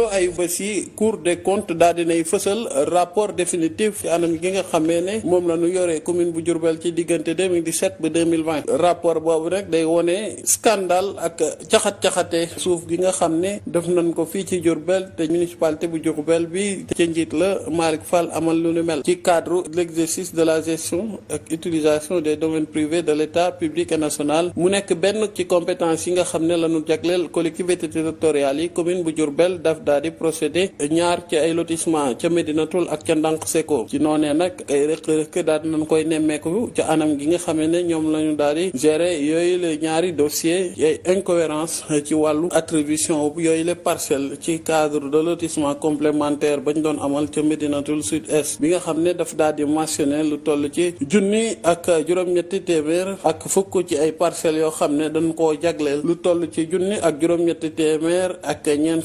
loo ay bés yi cour des comptes daal dinay fësal rapport définitif ci anam gi nga xamee ne moom la ñu yoree commune bu Diourbel ci diggante 2017 ba 2020 rapport boobu nag day wone scandale ak caxat-caxate suuf gi nga xam ne def nañ ko fii ci Diourbel te municipalité bu Diourbel bi ca njiit la Malick Fall amal lu nu mel ci cadre de l'exercice de la gestion ak utilisation des domaines privés de l'État public et national mu nekk benn ci compétence yi nga xam ne la ñu jagleel collectivité territoriale yi commune bu Diourbel daf daal di procédé ñaar ci ay lotissement ca Médinatoul ak ca Ndank Seko ci noonee nag ay rëq-rëq daal di koy nemmeeku ca anam gi nga xamee ne ñoom la ñu daal di gérer yooyu la ñaari dossier ay incohérence ci wàllu attribution yooyu la parcelle ci cadre de lotissement complementaire bañ doon amal ca Médinatoul Sud Est bi nga xam ne daf daal di mentionné lu toll ci junni ak juróom-ñetti téeméer ak fukk ci ay parcelles yoo xam ne dañ ko jagleel lu toll ci junni ak juróom-ñetti téeméer ak ñeent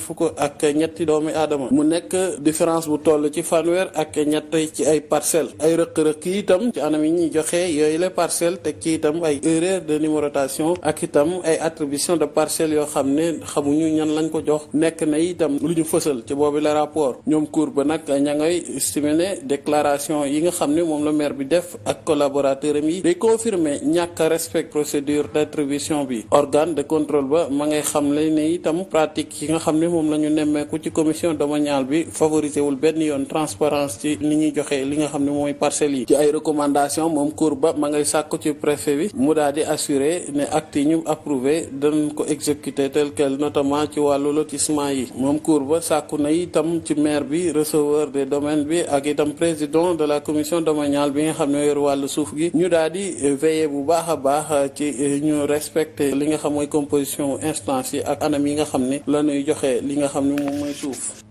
ñetti doomi aadama mu nekk différence bu toll ci fanweer ak ñett ci ay parcelles ay rëq-rëq yi itam ci anam yi ñuy joxe yooyu le parcelle teg ci itam ay erreur de numérotation ak itam ay attribution de parcelles yoo xam ne xamuñu ñan lañ ko jox nekk na itam lu ñu fësal ci boobu la rapport ñoom cour ba nag ña ngay estimé ne déclaration yi nga xam ne moom la maire bi def ak collaborateur am yi day confirmer ñàkk respect procédure d'attribution bi organe de mais nemmeeku ci commission domaniale bi favoriser wul benn yoon transparence ci ni ñuy joxe li nga xam ne mooy parcelles yi ci ay recommandation moom cour ba ma ngay sàkku ci préfet bi mu daal di assurer ne acte yi ñu approuver dañ ko exécuter tel quel notamment ci wàllu lotissement yi moom cour ba sàkku na itam ci maire bi receveur de domaine bi ak itam président de la commission domaniale bi nga xam ne yor wàllu suuf gi ñu daal di veiller bu baax a baax ci ñu respecter li nga xam mooy composition instance yi ak anam yi nga xam ne la ñuy joxe li moom mooy suuf